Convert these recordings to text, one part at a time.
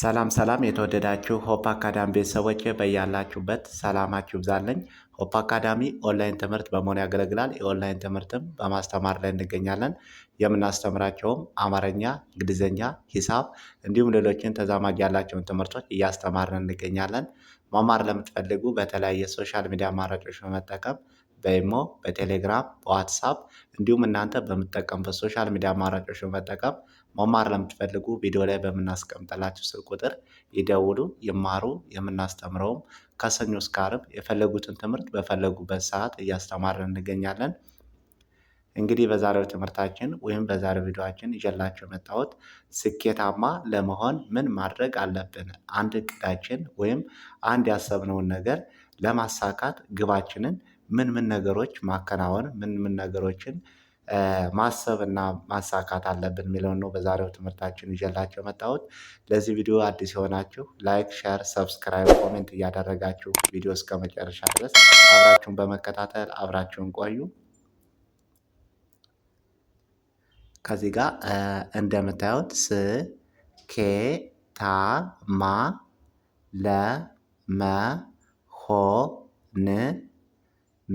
ሰላም ሰላም የተወደዳችሁ ሆፕ አካዳሚ ቤተሰቦች በያላችሁበት ሰላማችሁ ብዛለኝ። ሆፕ አካዳሚ ኦንላይን ትምህርት በመሆን ያገለግላል። የኦንላይን ትምህርትም በማስተማር ላይ እንገኛለን። የምናስተምራቸውም አማርኛ፣ እንግሊዝኛ፣ ሂሳብ እንዲሁም ሌሎችን ተዛማጅ ያላቸውን ትምህርቶች እያስተማርን እንገኛለን። መማር ለምትፈልጉ በተለያየ ሶሻል ሚዲያ አማራጮች በመጠቀም በኢሞ፣ በቴሌግራም፣ በዋትሳፕ እንዲሁም እናንተ በምትጠቀሙበት ሶሻል ሚዲያ አማራጮች በመጠቀም መማር ለምትፈልጉ ቪዲዮ ላይ በምናስቀምጠላችሁ ስልክ ቁጥር ይደውሉ፣ ይማሩ። የምናስተምረውም ከሰኞ እስከ ዓርብ የፈለጉትን ትምህርት በፈለጉበት ሰዓት እያስተማርን እንገኛለን። እንግዲህ በዛሬው ትምህርታችን ወይም በዛሬው ቪዲዮችን ይዤላችሁ የመጣሁት ስኬታማ ለመሆን ምን ማድረግ አለብን፣ አንድ እቅዳችን ወይም አንድ ያሰብነውን ነገር ለማሳካት ግባችንን ምን ምን ነገሮች ማከናወን ምን ምን ነገሮችን ማሰብ እና ማሳካት አለብን የሚለውን ነው በዛሬው ትምህርታችን ይዤላችሁ መጣሁት። ለዚህ ቪዲዮ አዲስ የሆናችሁ ላይክ፣ ሼር፣ ሰብስክራይብ፣ ኮሜንት እያደረጋችሁ ቪዲዮ እስከ መጨረሻ ድረስ አብራችሁን በመከታተል አብራችሁን ቆዩ። ከዚህ ጋር እንደምታዩት ስኬታማ ለመሆን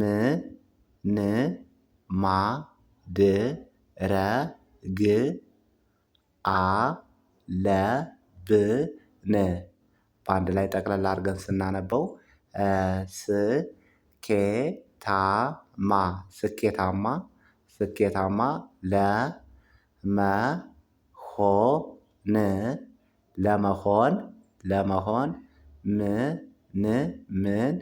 ምን ማ ድረግ አለብን በአንድ ላይ ጠቅለላ አድርገን ስናነበው ስኬታማ ስኬታማ ስኬታማ ለመሆን ለመሆን ለመሆን ምን ምን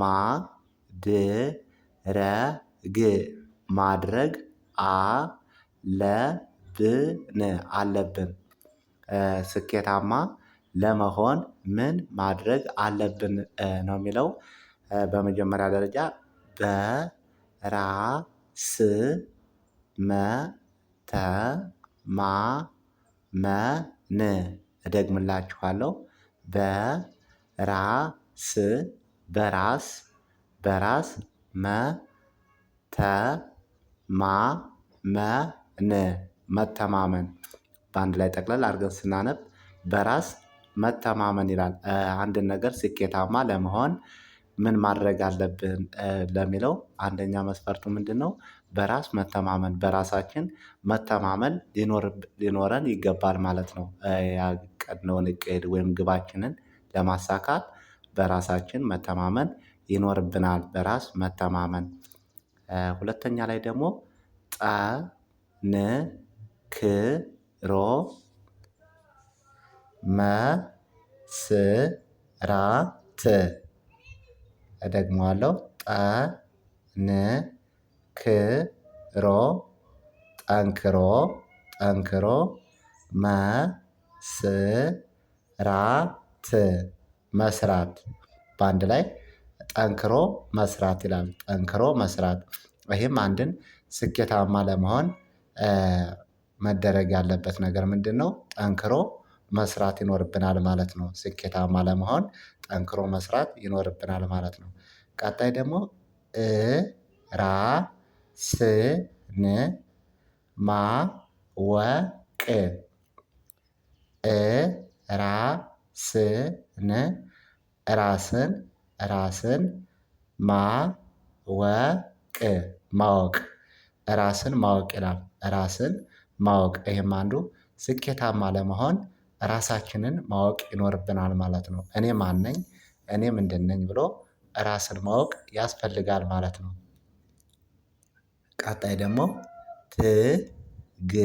ማድረግ ማድረግ አለብን አለብን ስኬታማ ለመሆን ምን ማድረግ አለብን ነው የሚለው? በመጀመሪያ ደረጃ በራስ መተማመን እደግምላችኋለሁ በራስ በራስ በራስ መተማ መን መተማመን በአንድ ላይ ጠቅለል አድርገን ስናነብ በራስ መተማመን ይላል። አንድን ነገር ስኬታማ ለመሆን ምን ማድረግ አለብን ለሚለው አንደኛ መስፈርቱ ምንድነው? በራስ መተማመን በራሳችን መተማመን ሊኖረን ይገባል ማለት ነው። ያቀድነውን እቅድ ወይም ግባችንን ለማሳካት በራሳችን መተማመን ይኖርብናል። በራስ መተማመን ሁለተኛ ላይ ደግሞ ጠንክሮ መስራት። እደግመዋለሁ ጠንክሮ ጠንክሮ ጠንክሮ መስራት መስራት በአንድ ላይ ጠንክሮ መስራት ይላል። ጠንክሮ መስራት ይህም አንድን ስኬታማ ለመሆን መደረግ ያለበት ነገር ምንድነው? ጠንክሮ መስራት ይኖርብናል ማለት ነው። ስኬታማ ለመሆን ጠንክሮ መስራት ይኖርብናል ማለት ነው። ቀጣይ ደግሞ እ ራ ስ ን ማ ወ ቅ እ ራ ስ ን ራስን ራስን ማ ወ ቅ ማወቅ ራስን ማወቅ ይላል። ራስን ማወቅ ይህም አንዱ ስኬታማ ለመሆን ራሳችንን ማወቅ ይኖርብናል ማለት ነው። እኔ ማነኝ እኔ ምንድን ነኝ? ብሎ ራስን ማወቅ ያስፈልጋል ማለት ነው። ቀጣይ ደግሞ ትዕግስተኛ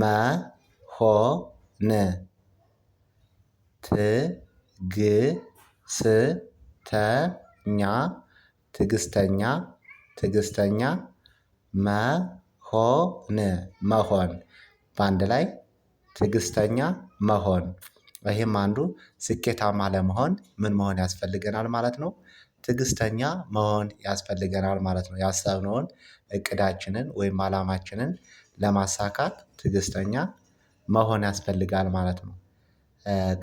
መሆን ትዕግስተኛ ትዕግስተኛ ትዕግስተኛ መሆን መሆን በአንድ ላይ ትዕግስተኛ መሆን ይህም አንዱ ስኬታማ ለመሆን ምን መሆን ያስፈልገናል ማለት ነው። ትዕግስተኛ መሆን ያስፈልገናል ማለት ነው። ያሰብነውን እቅዳችንን ወይም አላማችንን ለማሳካት ትዕግስተኛ መሆን ያስፈልጋል ማለት ነው።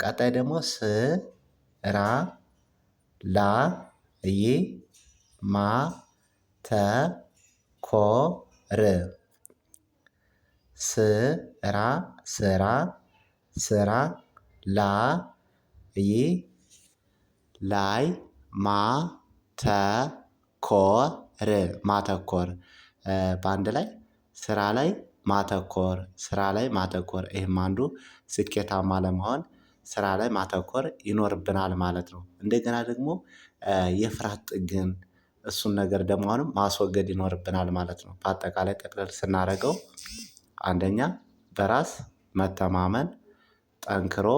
ቀጣይ ደግሞ ስራ ላ ይ ማተኮር ስራ ስራ ስራ ላይ ላይ ማተኮር ማተኮር በአንድ ላይ ስራ ላይ ማተኮር ስራ ላይ ማተኮር ይህም አንዱ ስኬታማ ለመሆን ስራ ላይ ማተኮር ይኖርብናል ማለት ነው። እንደገና ደግሞ የፍርሃት ጥግን እሱን ነገር ደግሞ አሁንም ማስወገድ ይኖርብናል ማለት ነው። በአጠቃላይ ጠቅለል ስናደርገው አንደኛ በራስ መተማመን፣ ጠንክሮ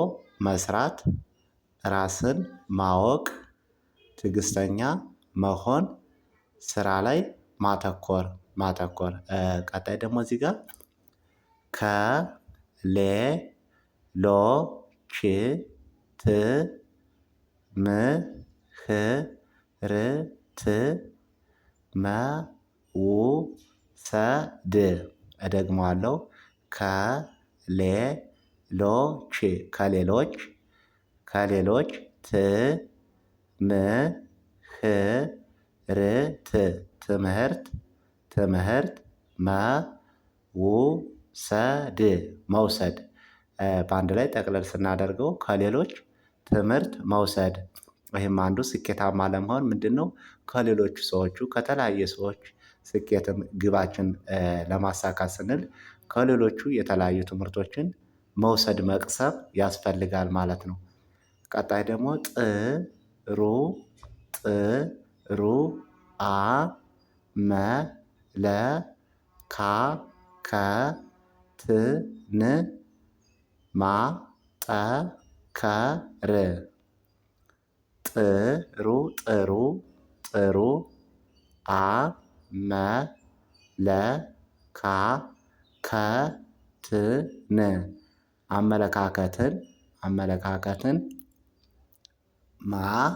መስራት፣ ራስን ማወቅ፣ ትዕግስተኛ መሆን፣ ስራ ላይ ማተኮር ማተኮር ቀጣይ ደግሞ እዚህ ጋር ከሌሎች ትምህርት ከመውሰድ እደግመዋለሁ ከሌሎች ከሌሎች ከሌሎች ትምህርት ትምህርት ትምህርት መውሰድ መውሰድ በአንድ ላይ ጠቅለል ስናደርገው ከሌሎች ትምህርት መውሰድ ወይም አንዱ ስኬታማ ለመሆን ምንድነው? ከሌሎቹ ሰዎቹ ከተለያየ ሰዎች ስኬትን ግባችን ለማሳካት ስንል ከሌሎቹ የተለያዩ ትምህርቶችን መውሰድ መቅሰብ ያስፈልጋል ማለት ነው። ቀጣይ ደግሞ ጥሩ ጥሩ አ መ ለ ካ ከ ት ን ማ ጠ ከ ር ጥሩ ጥሩ ጥሩ ከ ት አመለካከትን አመለካከትን አመለካከትን ማጠንከር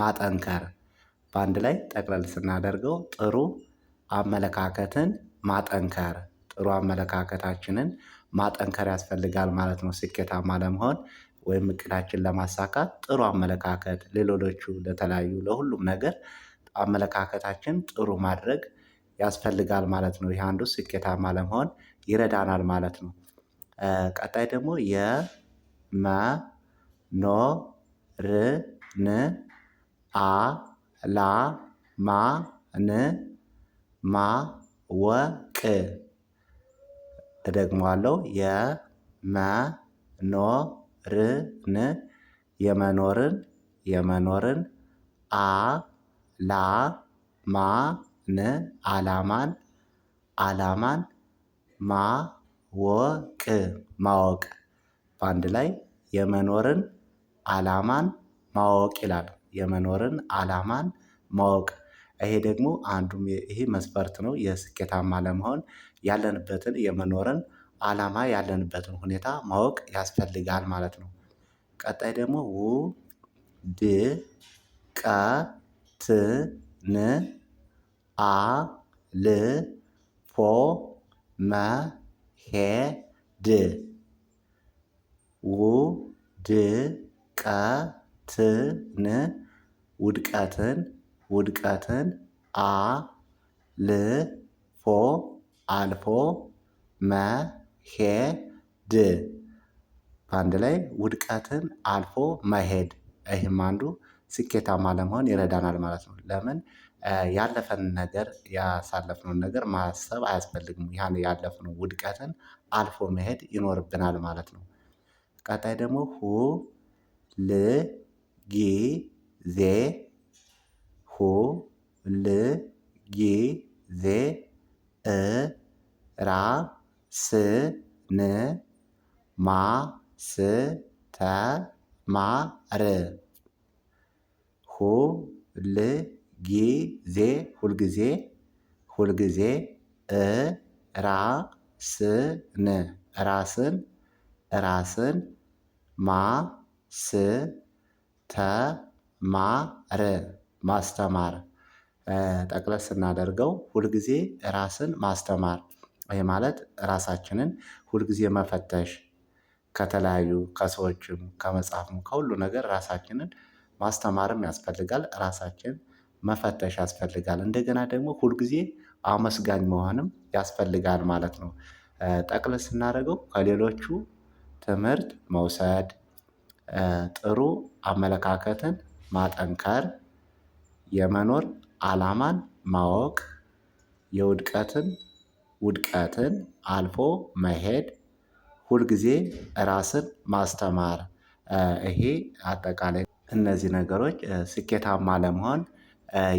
ማጠንከር በአንድ ላይ ጠቅለል ስናደርገው ጥሩ አመለካከትን ማጠንከር ጥሩ አመለካከታችንን ማጠንከር ያስፈልጋል ማለት ነው ስኬታማ ለመሆን ወይም እቅዳችን ለማሳካት ጥሩ አመለካከት ለሌሎቹ ለተለያዩ ለሁሉም ነገር አመለካከታችን ጥሩ ማድረግ ያስፈልጋል ማለት ነው። ይህ አንዱ ስኬታማ ለመሆን ይረዳናል ማለት ነው። ቀጣይ ደግሞ የመኖርን አላማን ማወቅ እደግመዋለሁ የመኖር ርን የመኖርን የመኖርን አ ላ ማ ን አላማን አላማን ማ ወቅ ማወቅ በአንድ ላይ የመኖርን አላማን ማወቅ ይላል። የመኖርን አላማን ማወቅ ይሄ ደግሞ አንዱም ይሄ መስፈርት ነው። የስኬታማ ለመሆን ያለንበትን የመኖርን አላማ ያለንበትን ሁኔታ ማወቅ ያስፈልጋል ማለት ነው። ቀጣይ ደግሞ ው ብ ቀ ት ን አ ል ፎ መ ሄ ድ ው ድ ቀ ት ን ውድቀትን ውድቀትን አ ል ፎ አልፎ መ ሄድ በአንድ ላይ ውድቀትን አልፎ መሄድ። ይህም አንዱ ስኬታማ ለመሆን ይረዳናል ማለት ነው። ለምን ያለፈን ነገር ያሳለፍነውን ነገር ማሰብ አያስፈልግም። ያን ያለፍነው ውድቀትን አልፎ መሄድ ይኖርብናል ማለት ነው። ቀጣይ ደግሞ ሁ ል ጊ ዜ ሁ ል ጊ ዜ እ ራ ስን ማ ስ ተ ማ ር ጊ ዜ ሁልጊዜ ሁልጊዜ እ ራ ስ ን ራስን ራስን ማ ስ ተ ማ ር ማስተማር ጠቅለስ ስናደርገው ሁልጊዜ ራስን ማስተማር ይህ ማለት ራሳችንን ሁልጊዜ መፈተሽ ከተለያዩ ከሰዎችም ከመጽሐፍም ከሁሉ ነገር ራሳችንን ማስተማርም ያስፈልጋል ራሳችን መፈተሽ ያስፈልጋል እንደገና ደግሞ ሁልጊዜ አመስጋኝ መሆንም ያስፈልጋል ማለት ነው። ጠቅል ስናደርገው ከሌሎቹ ትምህርት መውሰድ ጥሩ አመለካከትን ማጠንከር የመኖር አላማን ማወቅ የውድቀትን ውድቀትን አልፎ መሄድ ሁልጊዜ ራስን ማስተማር ይሄ አጠቃላይ እነዚህ ነገሮች ስኬታማ ለመሆን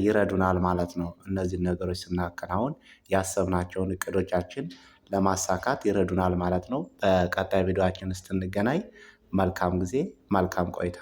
ይረዱናል ማለት ነው። እነዚህን ነገሮች ስናከናውን ያሰብናቸውን እቅዶቻችን ለማሳካት ይረዱናል ማለት ነው። በቀጣይ ቪዲዮችን ስትንገናኝ መልካም ጊዜ መልካም ቆይታ